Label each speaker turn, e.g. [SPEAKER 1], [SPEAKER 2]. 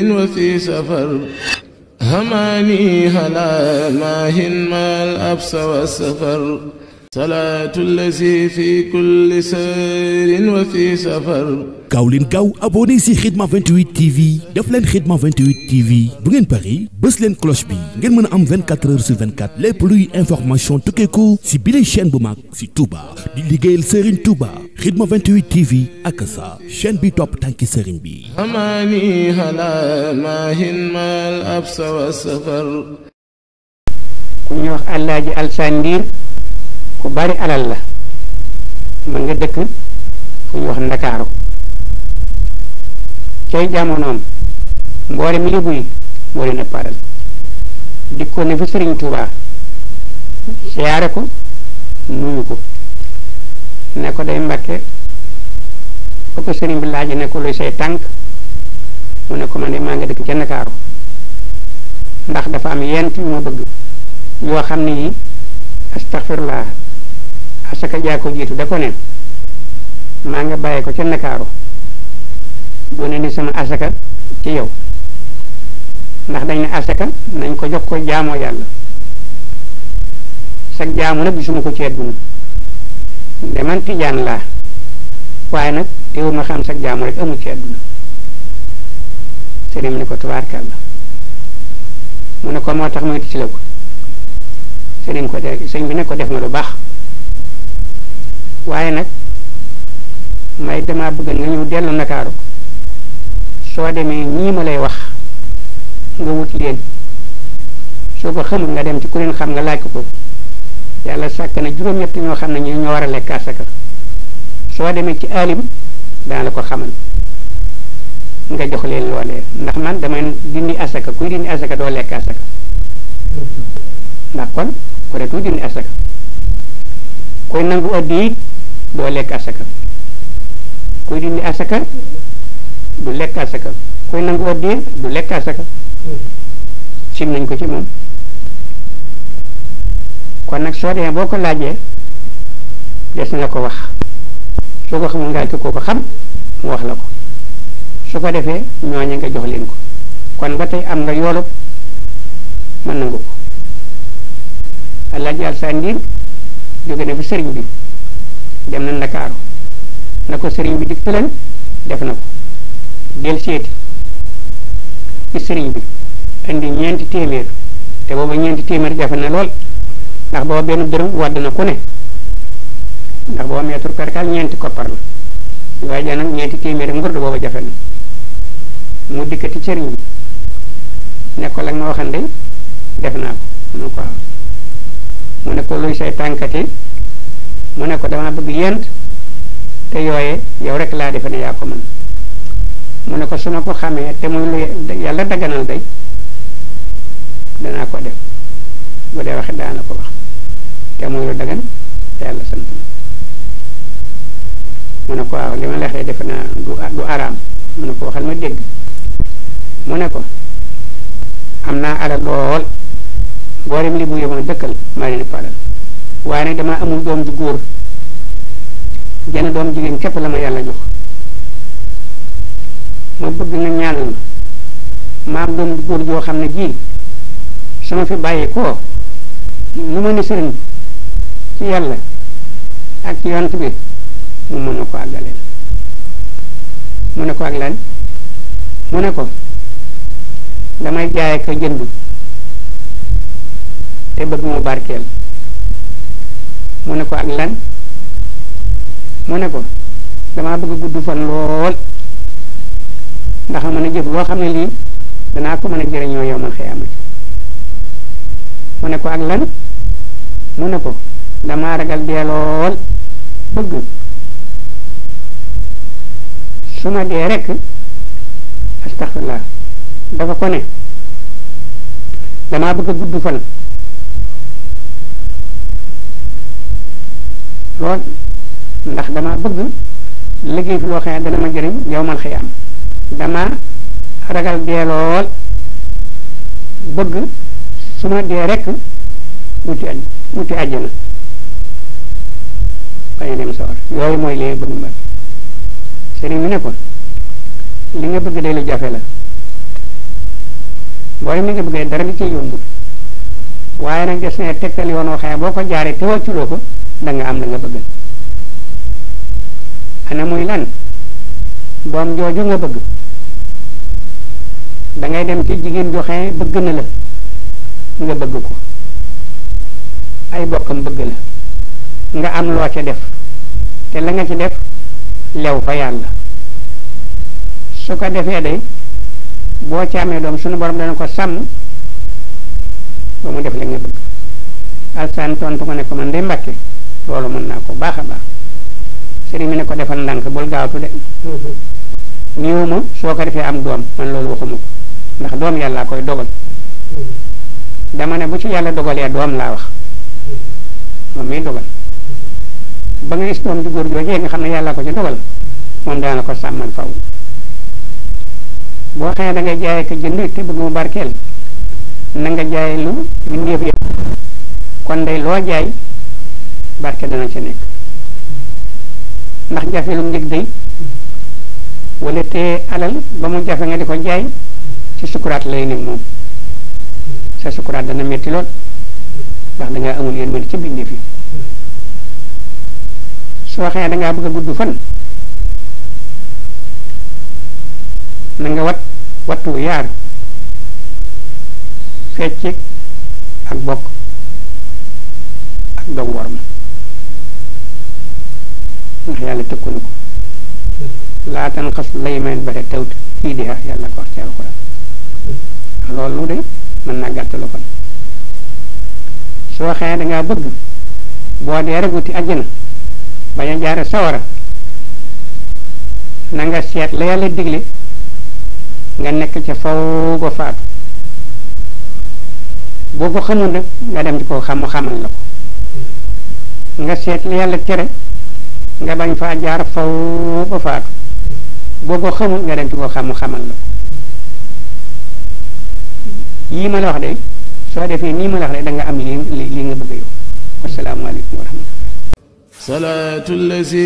[SPEAKER 1] سير وفي سفر هماني هلا ماهن ما الأبس والسفر salaatu lazi fi kulli sayrin wa fi safar. gaaw leen gaaw abonné si Khidma 28 TV def leen Khidma 28 TV bu ngeen bari bës leen cloche bi ngeen mën a am 24 heures sur 24 lépp luy information tukkeeku si bile chaîne bu mag si Touba di liggéeyal Serigne Touba Khidma 28 TV ak sa bi topp tànki Serigne bi. amaani halal maahin maal absa wa safar. ku bari alal la mën nga dëkk fu ñu wax ndakaaru cay jamonoom mboole mi lébu yi moo leen ëpp alal dikkoon ne fi sëriñ Tuubaa siyaare ko nuyu ko ne ko day Mbàkke ba ko sëriñ bi laaj ne ko luy say tànk mu ne ko man de maa nga dëkk ca ndakaaru ndax dafa am yent yu ma bëgg yoo xam ne yi astaxfirullah asaka jaa ko jiitu da ko ne maa nga bàyyi ko ca ndakaaru mu ne ni sama asaka ci yow ndax dañ ne asaka nañ ko jox ko jaamoo yàlla sag jaamu nag gisuma ko ci àdduna de man tijaan laa waaye nag teewul ma xam sag jaamu rek amul ci àdduna sëriñ ne ko tubaarkàlla mu ne ko moo tax moytu ci la ko sëriñ ko sëñ bi ne ko def nga lu baax waaye nag may damaa bëgg nga ñëw dellu ndakaaru soo demee ñii ma lay wax nga wut leen soo ko xamul nga dem ci ku leen xam nga laaj ko yàlla sàkk na juróom-ñett ñoo xam ne ñu ñoo war a lekk asaka soo demee ci alim dana la ko xamal nga jox leen loolee ndax man damay dindi asaka kuy dindi asaka doo lekk asaka ndax kon ku dee dindi asaka kuy nangu addi doo lekk asaka kuy dindi asaka du lekk asaka kuy nangu addiya du lekk asaka sim nañ ko ci moom kon nag soo demee boo ko laajee des na la ko wax soo ko xamul nga ko ko xam mu wax la ko su ko defee ñooñu nga jox leen ko kon ba tey am nga yoolub mën nangu ko alaaji Alsaan Ndir jóge na fi sëriñ bi dem na ndakaaru na ko sëriñ bi dig leen def na ko del seeti ci sëriñ bi indi ñeenti téeméer te booba ñeenti téeméer jafe na lool ndax booba benn dërëm wadd na ku ne ndax booba meetur perkal ñeenti koppar la waaye janag ñeenti téeméer ak ngurdu booba jafe na mu dikkati sëriñ bi ne ko lag ma waxande def naa ko mu ne luy say tànkati mu ne ko damaa bëgg yent te yooye yow rek laa defe ne yaa ko mën mu ne ko su ma ko xamee te muy lu yàlla dagganal day danaa ko def bu dee waxe daana ko wax te muy lu dagan yàlla sant mu ne ko waaw li ma lexee defe naa du du araam mu ne ko waxal ma dégg mu ne ko am naa alal lool boorim li bu yëmoon dëkkal maa leen waaye nag damaa amul doom ju góor jenn doom jigéen képp la ma yàlla jox ma bëgg nga ñaanal ma ma am doom ju góor joo xam ne jii sama fi bàyyi koo lu ma ni sëriñ ci yàlla ak ci yant bi mu mën na ko àggaleen mu ne ko ak lan mu ne ko damay jaay ak jënd te bëgg mu barkeel mu ne ko ak lan mu ne ko damaa bëgg gudd fan lool ndax mën a jëf loo xam ne lii danaa ko mën a jëriñoo yow man xëyaamati mu ne ko ak lan mu ne ko damaa ragal dee lool bëgg su ma dee rekk astaxfirullah dafa ko ne damaa bëgg a gudd fan lool ndax damaa bëgg liggéey fi loo xam ne dana ma jëriñ yow man xiyaam damaa ragal dee lool bëgg su ma dee rekk wuti aj wuti àjjana bañ dem sawar yooyu mooy li nga bëgg ma sëriñ bi ne ko li nga bëgg day jafe la booy mi nga bëggee dara li ci yombul waaye nag des ne tegtal yoon woo boo ko jaaree te wàcculoo ko da am la nga bëgg ana muy lan doom jooju nga bëgg da dem ci jigéen joxe bëgg na la nga bëgg ko ay bokkam bëgg la nga am loo ca def te la nga ci def lew fa yàlla su ko defee day boo ci amee doom sunu borom dana ko sàmm ba mu def li nga bëgg alsaan tontu ko ne ko man de mbàkke loolu mën naa ko baax a baax sëriñ mi ne ko defal ndànk bul gaawtu de niwu soo ko defee am doom man loolu waxuma ko ndax doom yàllaa koy dogal dama ne bu ci yàlla dogalee doom laa wax moom muy dogal ba nga gis doom ju góor joojee nga xam ne yàllaa ko ci dogal moom dana la ko sàmmal faw boo xëyee da ngay jaay ko jënd te bëgg mu barkeel na nga jaay lu bindéef yëpp kon day loo jaay barke dana ci nekk ndax jafe lu njëg day wala te alal ba mu jafe nga di ko jaay ci sukuraat lay nekk moom sa sukuraat dana metti lool ndax dangaa amul yéen mën ci bindéef yi soo xëyee dangaa bëgg a gudd fan na nga wat wattu yaar feccik ak bokk ak dog war ma ndax yàlla tëkku ko laa tan xas lay meen ba te kii di yàlla ko wax ci alxuraan ndax loolu nu de mën naa gàttalu fan soo xëyee dangaa bëgg boo dee rek wuti àjjana bañ a jaare sawara na nga seet la yàlla digle nga nekk ca faw ko faatu boo ko xamul nag nga dem ci ko xamu xamal la ko nga seet li yàlla tere nga bañ faa jaar faw ba faatu boo ko xamul nga dem ci ko xamu xamal la ko yii ma la wax de soo defee nii ma la wax de da am li li nga bëgg yow wasalaamualeykum wa rahmatullah salaatu lazi